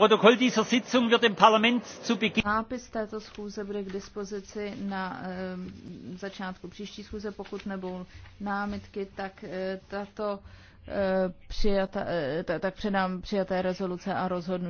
Protokoll dieser Sitzung wird dem Parlament zu Beginn. Nápis této schůze bude k dispozici na e, začátku příští schůze, pokud nebudou námitky, tak uh, tato uh, přijata, uh, tak předám přijaté rezoluce a rozhodnutí.